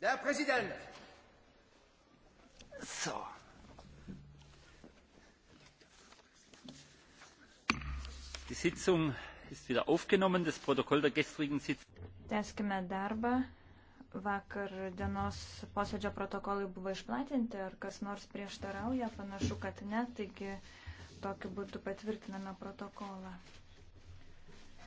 Der Präsident! So. Die Sitzung ist wieder aufgenommen. Das Protokoll der gestrigen Sitzung. Tęskime darbą. Vakar dienos posėdžio protokolai buvo išplatinti, ar kas nors prieštarauja, panašu, kad ne, taigi tokiu būdu patvirtiname protokolą.